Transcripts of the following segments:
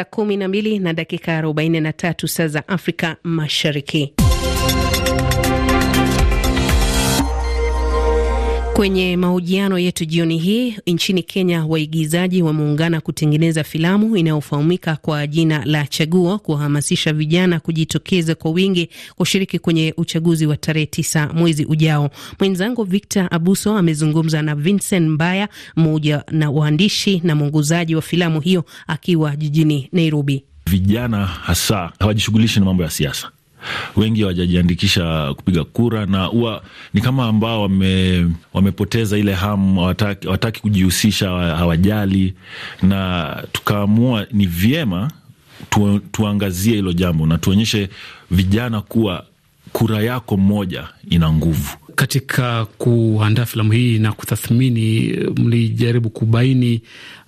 Saa kumi na mbili na dakika arobaini na tatu saa za Afrika Mashariki. Kwenye mahojiano yetu jioni hii, nchini Kenya waigizaji wameungana kutengeneza filamu inayofahamika kwa jina la Chaguo, kuwahamasisha vijana kujitokeza kwa wingi kushiriki kwenye uchaguzi wa tarehe tisa mwezi ujao. Mwenzangu Victor Abuso amezungumza na Vincent Mbaya, mmoja na waandishi na mwongozaji wa filamu hiyo, akiwa jijini Nairobi. Vijana hasa hawajishughulishi na mambo ya siasa wengi hawajajiandikisha kupiga kura, na huwa ni kama ambao wame, wamepoteza ile hamu, hawataki, hawataki kujihusisha, hawajali, na tukaamua ni vyema tu, tuangazie hilo jambo na tuonyeshe vijana kuwa kura yako moja ina nguvu. Katika kuandaa filamu hii na kutathmini, mlijaribu kubaini mlibaini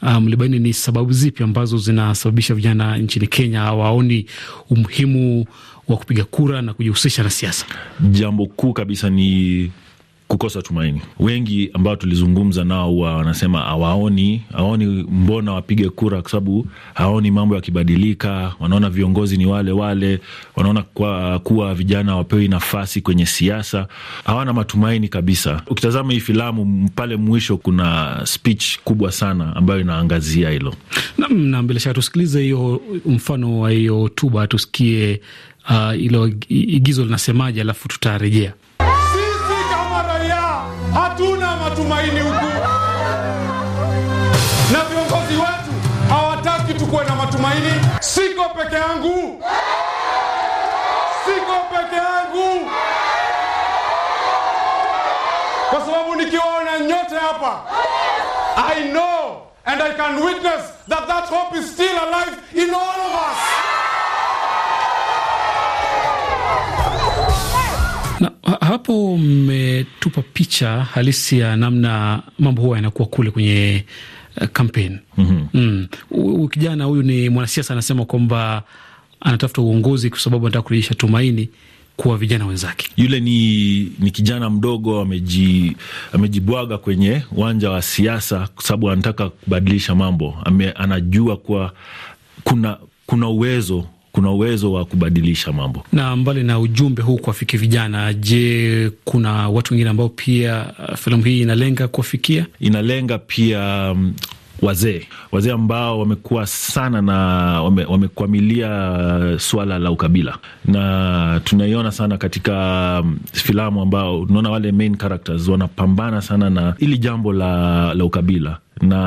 ah, mlibaini ni sababu zipi ambazo zinasababisha vijana nchini Kenya hawaoni umuhimu wa kupiga kura na kujihusisha na siasa? Jambo kuu kabisa ni kukosa tumaini. Wengi ambao tulizungumza nao wanasema hawaoni hawaoni mbona wapige kura, kwa sababu hawaoni mambo yakibadilika. Wanaona viongozi ni wale wale, wanaona kwa kuwa vijana wapewi nafasi kwenye siasa, hawana matumaini kabisa. Ukitazama hii filamu pale mwisho, kuna speech kubwa sana ambayo inaangazia hilo. Nam, na bila shaka tusikilize hiyo mfano wa hiyo hotuba, tusikie uh, ilo igizo linasemaje, alafu tutarejea. Sisi kama raia hatuna matumaini huku, na viongozi wetu hawataki tukuwe na matumaini. Siko peke yangu, siko peke yangu, kwa sababu nikiwaona nyote hapa I know and I can witness that that hope is still alive in all of us. Hapo mmetupa picha halisi ya namna mambo huwa yanakuwa kule kwenye kampeni. Eh, mhm. mm -hmm. mm. Kijana huyu ni mwanasiasa, anasema kwamba anatafuta uongozi kwa sababu anataka kurejesha tumaini kuwa vijana wenzake. Yule ni, ni kijana mdogo ameji, amejibwaga kwenye uwanja wa siasa kwa sababu anataka kubadilisha mambo. Ame, anajua kuwa kuna kuna uwezo kuna uwezo wa kubadilisha mambo. Na mbali na ujumbe huu kuwafikia vijana, je, kuna watu wengine ambao pia uh, filamu hii inalenga kuwafikia? Inalenga pia um, wazee wazee ambao wamekuwa sana na wame, wamekwamilia swala la ukabila, na tunaiona sana katika um, filamu ambao tunaona wale main characters wanapambana sana na hili jambo la, la ukabila na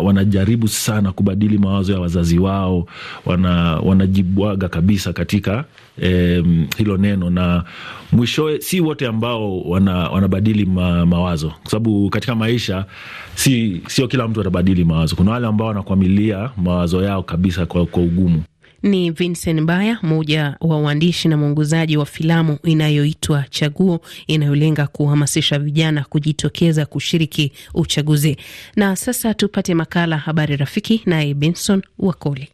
wanajaribu sana kubadili mawazo ya wazazi wao, wana, wanajibwaga kabisa katika eh, hilo neno, na mwishowe si wote ambao wana, wanabadili ma, mawazo, kwa sababu katika maisha si, sio kila mtu atabadili mawazo. Kuna wale ambao wanakwamilia mawazo yao kabisa kwa, kwa ugumu. Ni Vincent Baya, mmoja wa waandishi na mwongozaji wa filamu inayoitwa Chaguo, inayolenga kuhamasisha vijana kujitokeza kushiriki uchaguzi. Na sasa tupate makala Habari Rafiki, naye Benson Wakoli.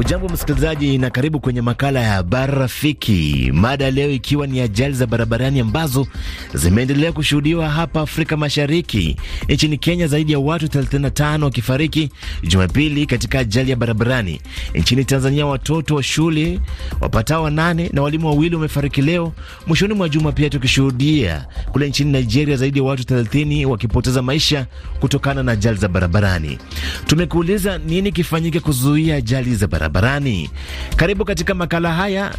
Hujambo msikilizaji, na karibu kwenye makala ya habari rafiki, mada leo ikiwa ni ajali za barabarani ambazo zimeendelea kushuhudiwa hapa Afrika Mashariki. Nchini Kenya, zaidi ya watu 35 wakifariki Jumapili katika ajali ya barabarani. Nchini Tanzania, watoto wa shule wapatao wanane na walimu wawili wamefariki leo mwishoni mwa juma, pia tukishuhudia kule nchini Nigeria zaidi ya watu 30 wakipoteza maisha kutokana na ajali za barabarani. Tumekuuliza nini kifanyike kuzuia ajali za barabarani barabarani. Karibu katika makala haya.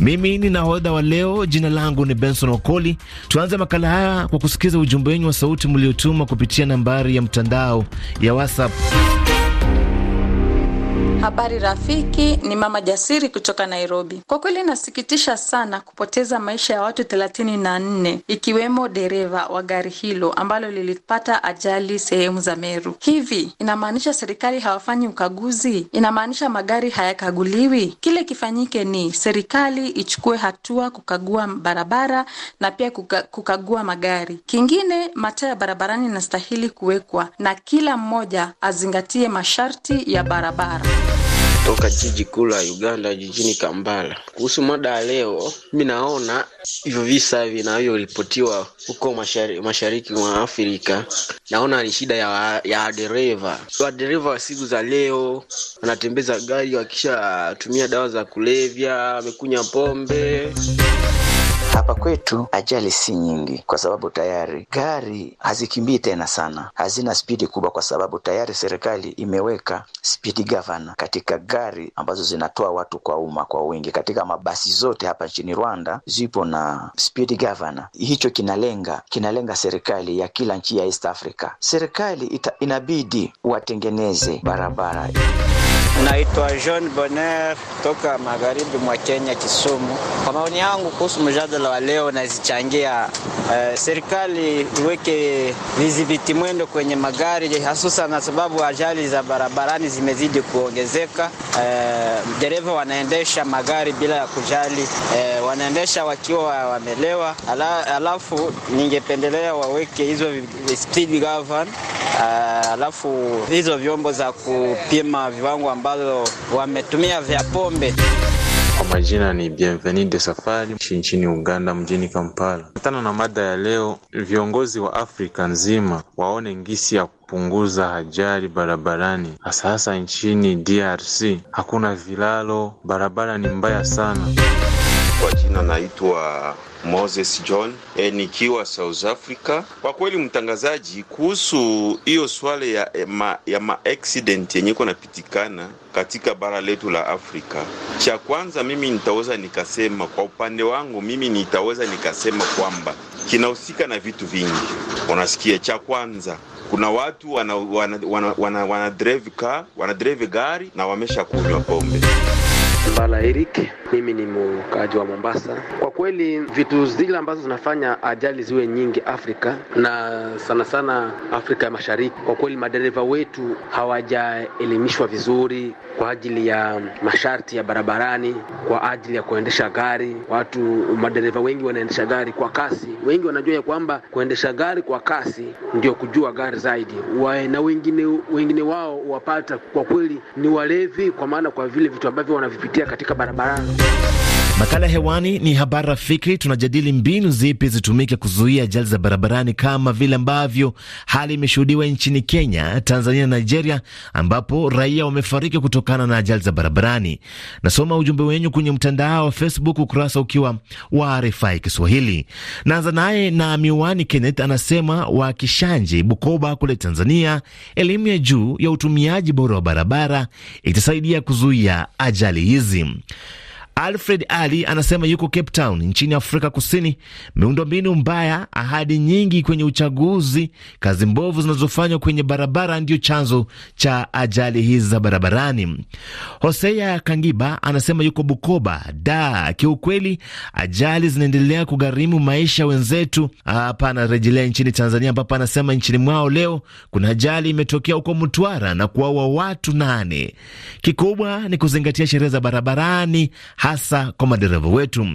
Mimi ni nahodha wa leo, jina langu ni Benson Okoli. Tuanze makala haya kwa kusikiza ujumbe wenyu wa sauti mliotuma kupitia nambari ya mtandao ya WhatsApp. Habari rafiki, ni mama Jasiri kutoka Nairobi. Kwa kweli nasikitisha sana kupoteza maisha ya watu thelathini na nne ikiwemo dereva wa gari hilo ambalo lilipata ajali sehemu za Meru. Hivi inamaanisha serikali hawafanyi ukaguzi? Inamaanisha magari hayakaguliwi? Kile kifanyike ni serikali ichukue hatua kukagua barabara na pia kuka, kukagua magari. Kingine, mataa ya barabarani inastahili kuwekwa na kila mmoja azingatie masharti ya barabara toka jiji kuu la Uganda jijini Kampala. Kuhusu mada ya leo, mimi naona hivyo visa vinavyoripotiwa huko mashariki, mashariki mwa Afrika, naona ni shida ya, ya dereva. Wadereva wa siku za leo wanatembeza gari wakishatumia dawa za kulevya, wamekunywa pombe hapa kwetu ajali si nyingi, kwa sababu tayari gari hazikimbii tena sana, hazina spidi kubwa, kwa sababu tayari serikali imeweka spidi gavana katika gari ambazo zinatoa watu kwa umma kwa wingi. Katika mabasi zote hapa nchini Rwanda zipo na spidi gavana. Hicho kinalenga kinalenga serikali ya kila nchi ya East Africa. Serikali ita, inabidi watengeneze barabara Naitwa John Bonner toka magharibi mwa Kenya, Kisumu. Kwa maoni yangu kuhusu mjadala wa leo, nazichangia uh, eh, serikali iweke vidhibiti mwendo kwenye magari hasusa, na sababu ajali za barabarani zimezidi kuongezeka. Uh, dereva wanaendesha magari bila ya kujali, uh, wanaendesha wakiwa wamelewa. Ala, alafu ningependelea waweke hizo speed govern Ah, alafu hizo vyombo za kupima viwango ambazo wametumia vya pombe. Kwa majina ni Bienveni de Safari nchini Uganda, mjini Kampala. Patana na mada ya leo, viongozi wa Afrika nzima waone ngisi ya punguza ajali barabarani, hasahasa hasa nchini DRC. Hakuna vilalo, barabara ni mbaya sana. Kwa jina naitwa Moses John e, nikiwa South Africa. Kwa kweli, mtangazaji, kuhusu hiyo swala ya, eh, ya maaccident ma yenye iko napitikana katika bara letu la Afrika, cha kwanza mimi nitaweza nikasema kwa upande wangu, mimi nitaweza nikasema kwamba kinahusika na vitu vingi. Unasikia, cha kwanza kuna watu wana, wana, wana, wana, wana drive car, wana drive gari na wamesha kunywa pombe. Bala Eric, mimi ni mkaaji wa Mombasa. Kwa kweli vitu zile ambazo zinafanya ajali ziwe nyingi Afrika na sana sana Afrika ya Mashariki, kwa kweli madereva wetu hawajaelimishwa vizuri kwa ajili ya masharti ya barabarani, kwa ajili ya kuendesha gari. Watu madereva wengi wanaendesha gari kwa kasi, wengi wanajua ya kwamba kuendesha gari kwa kasi ndio kujua gari zaidi wae, na wengine wengine wao wapata kwa kweli ni walevi, kwa maana kwa vile vitu ambavyo wanavipitia kupitia katika barabarani. Makala hewani ni habari rafiki. Tunajadili mbinu zipi zitumike kuzuia ajali za barabarani kama vile ambavyo hali imeshuhudiwa nchini Kenya, Tanzania na Nigeria, ambapo raia wamefariki kutokana na ajali za barabarani. Nasoma ujumbe wenyu kwenye mtandao wa Facebook, ukurasa ukiwa wa RFI Kiswahili. Naanza naye na Miwani Kenneth, anasema wa Kishanje, Bukoba kule Tanzania, elimu ya juu ya utumiaji bora wa barabara itasaidia kuzuia ajali hizi. Alfred Ali anasema yuko Cape Town nchini Afrika Kusini. Miundombinu mbaya, ahadi nyingi kwenye uchaguzi, kazi mbovu zinazofanywa kwenye barabara ndio chanzo cha ajali hizi za barabarani. Hosea Kangiba anasema yuko Bukoba da. Kiukweli ajali zinaendelea kugharimu maisha wenzetu. Hapa anarejelea nchini Tanzania, ambapo anasema nchini mwao leo kuna ajali imetokea huko Mtwara na kuwaua watu nane. Kikubwa ni kuzingatia sheria za barabarani hasa kwa madereva wetu.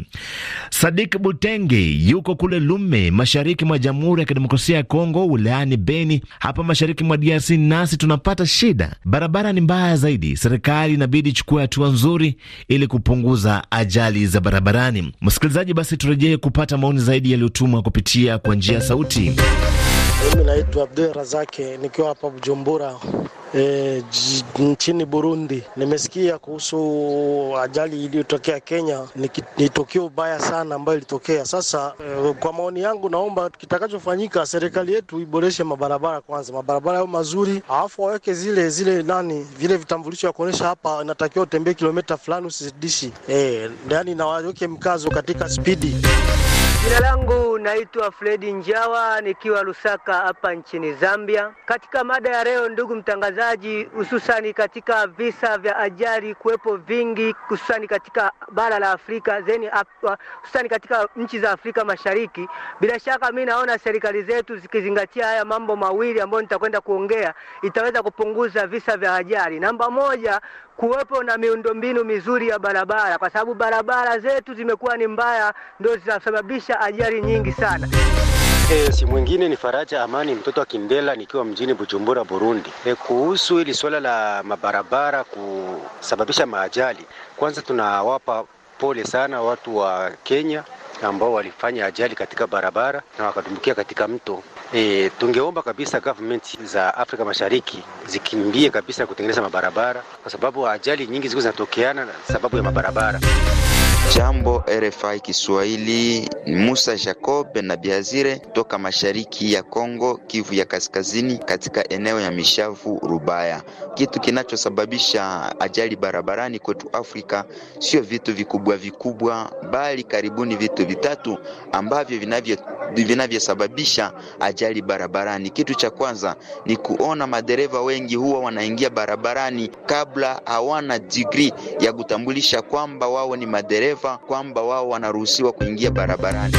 Sadik Butenge yuko kule Lume, mashariki mwa Jamhuri ya Kidemokrasia ya Kongo, wilayani Beni. Hapa mashariki mwa DRC nasi tunapata shida, barabara ni mbaya zaidi. Serikali inabidi ichukue hatua nzuri ili kupunguza ajali za barabarani. Msikilizaji, basi turejee kupata maoni zaidi yaliyotumwa kupitia kwa njia ya sauti. Mimi naitwa Abdul Razake, nikiwa hapa Bujumbura E, nchini Burundi nimesikia kuhusu ajali iliyotokea Kenya. Ni tukio baya sana ambayo ilitokea. Sasa e, kwa maoni yangu, naomba kitakachofanyika, serikali yetu iboreshe mabarabara kwanza, mabarabara yao mazuri, alafu waweke zile zile nani vile vitambulisho ya kuonyesha hapa inatakiwa utembee kilomita fulani usizidishi, e, eh, yani na waweke mkazo katika spidi. Jina langu naitwa Fredi Njawa nikiwa Lusaka hapa nchini Zambia. Katika mada ya leo, ndugu mtangazaji, hususani katika visa vya ajali kuwepo vingi, hususani katika bara la Afrika zeni, uh, hususani katika nchi za Afrika Mashariki. Bila shaka, mi naona serikali zetu zikizingatia haya mambo mawili ambayo nitakwenda kuongea, itaweza kupunguza visa vya ajali. Namba moja, kuwepo na miundombinu mizuri ya barabara, kwa sababu barabara zetu zimekuwa ni mbaya, ndio zinasababisha ajali nyingi sana. E, si mwingine ni Faraja Amani mtoto wa Kindela nikiwa mjini Bujumbura, Burundi. E, kuhusu hili suala la mabarabara kusababisha maajali, kwanza tunawapa pole sana watu wa Kenya ambao walifanya ajali katika barabara na wakatumbukia katika mto. E, tungeomba kabisa government za Afrika Mashariki zikimbie kabisa kutengeneza mabarabara, kwa sababu ajali nyingi ziko zinatokeana sababu ya mabarabara. Jambo RFI Kiswahili, Musa Jacob na Biazire kutoka mashariki ya Kongo, Kivu ya Kaskazini, katika eneo ya Mishavu Rubaya. Kitu kinachosababisha ajali barabarani kwetu Afrika sio vitu vikubwa vikubwa, bali karibuni vitu vitatu ambavyo vinavyo vinavyosababisha ajali barabarani. Kitu cha kwanza ni kuona madereva wengi huwa wanaingia barabarani kabla hawana digrii ya kutambulisha kwamba wao ni madereva madereva kwamba wao wanaruhusiwa kuingia barabarani.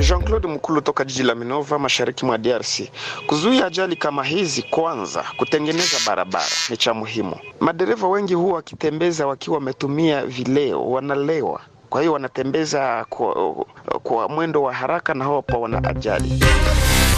Jean-Claude Mukulu toka jiji la Minova mashariki mwa DRC. Kuzuia ajali kama hizi, kwanza kutengeneza barabara ni cha muhimu. Madereva wengi huwa wakitembeza wakiwa wametumia vileo, wanalewa, kwa hiyo wanatembeza kwa, kwa mwendo wa haraka na hapo wana ajali.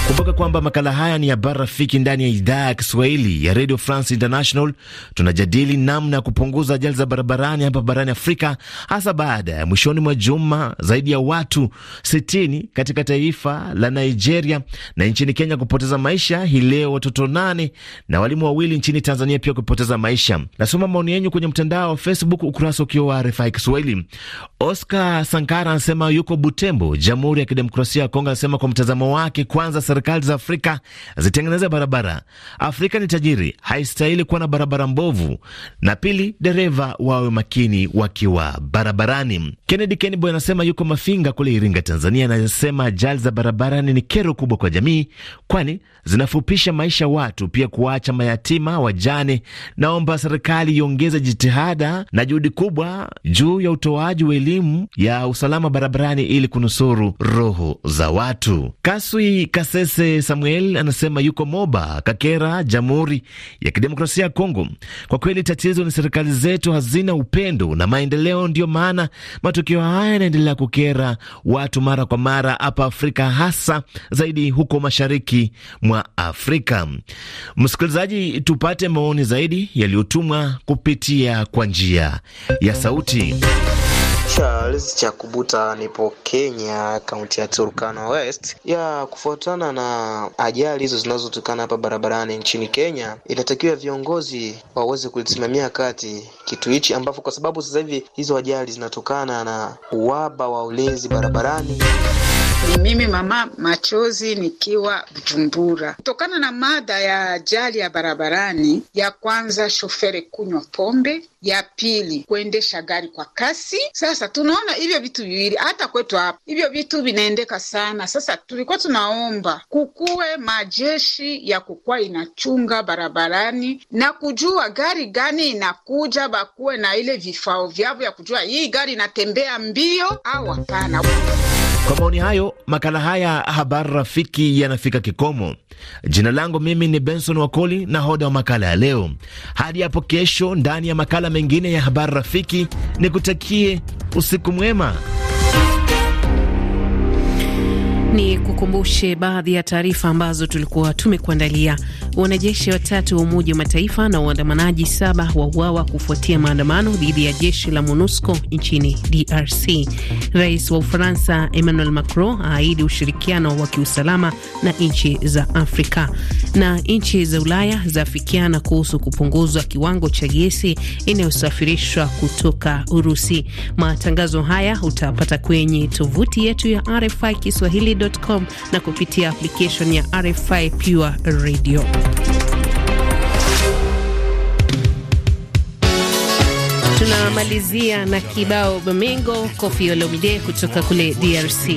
Kumbuka kwamba makala haya ni habari rafiki ndani ya idhaa ya Kiswahili ya Radio France International. Tunajadili namna ya kupunguza ajali za barabarani hapa barani Afrika, hasa baada ya mwishoni mwa juma zaidi ya watu 60 katika taifa la Nigeria na nchini Kenya kupoteza maisha hii leo, watoto nane na walimu wawili nchini Tanzania pia kupoteza maisha. Nasoma maoni yenyu kwenye mtandao wa Facebook, ukurasa ukiwa wa RFI Kiswahili. Oscar Sankara anasema yuko Butembo, Jamhuri ya Kidemokrasia ya Kongo, anasema kwa mtazamo wake kwanza serikali za Afrika zitengeneze barabara. Afrika ni tajiri, haistahili kuwa na barabara mbovu. Na pili, dereva wawe makini wakiwa barabarani. Kennedy Kenbo anasema yuko Mafinga kule Iringa, Tanzania, anasema ajali za barabarani ni kero kubwa kwa jamii, kwani zinafupisha maisha watu, pia kuwacha mayatima, wajane. Naomba serikali iongeze jitihada na juhudi kubwa juu ya utoaji wa elimu ya usalama barabarani ili kunusuru roho za watu. Kasui Kase Mwasese Samuel anasema yuko Moba, Kakera, Jamhuri ya Kidemokrasia ya Kongo. Kwa kweli tatizo ni serikali zetu hazina upendo na maendeleo, ndiyo maana matukio haya yanaendelea kukera watu mara kwa mara hapa Afrika, hasa zaidi huko mashariki mwa Afrika. Msikilizaji, tupate maoni zaidi yaliyotumwa kupitia kwa njia ya sauti. Charles Chakubuta, nipo Kenya, kaunti ya Turkana West. Ya kufuatana na ajali hizo zinazotokana hapa barabarani nchini Kenya, inatakiwa viongozi waweze kulisimamia kati kitu hichi, ambapo kwa sababu sasa hivi hizo ajali zinatokana na uwaba wa ulinzi barabarani. Ni mimi mama machozi nikiwa Bujumbura, kutokana na mada ya ajali ya barabarani. Ya kwanza shofere kunywa pombe, ya pili kuendesha gari kwa kasi. Sasa tunaona hivyo vitu viwili, hata kwetu hapa hivyo vitu vinaendeka sana. Sasa tulikuwa tunaomba kukuwe majeshi ya kukuwa inachunga barabarani na kujua gari gani inakuja, bakuwe na ile vifao vyavo ya kujua hii gari inatembea mbio au hapana. Kwa maoni hayo, makala haya habari rafiki yanafika kikomo. Jina langu mimi ni Benson Wakoli, nahoda wa makala ya leo. Hadi hapo kesho, ndani ya makala mengine ya habari rafiki, nikutakie usiku mwema. Ni kukumbushe baadhi ya taarifa ambazo tulikuwa tumekuandalia. Wanajeshi watatu wa Umoja wa Mataifa na waandamanaji saba wauawa kufuatia maandamano dhidi ya jeshi la MONUSCO nchini DRC. Rais wa Ufaransa Emmanuel Macron aahidi ushirikiano wa kiusalama na nchi za Afrika, na nchi za Ulaya zaafikiana kuhusu kupunguzwa kiwango cha gesi inayosafirishwa kutoka Urusi. Matangazo haya utapata kwenye tovuti yetu ya RFI Kiswahili rfi.com na kupitia application ya RFI Pure Radio. Tunamalizia na kibao Bomengo kofi Olomide kutoka kule DRC.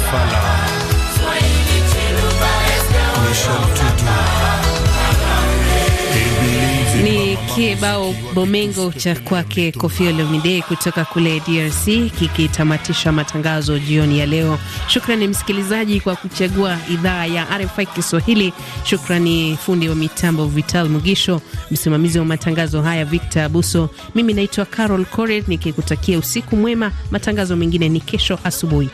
Fala, ni kibao bomengo cha kwake Kofi Olomide kutoka kule DRC kikitamatisha matangazo jioni ya leo. Shukrani msikilizaji kwa kuchagua idhaa ya RFI Kiswahili. Shukrani fundi wa mitambo Vital Mugisho, msimamizi wa matangazo haya Victor Abuso. Mimi naitwa Carol core nikikutakia usiku mwema. Matangazo mengine ni kesho asubuhi.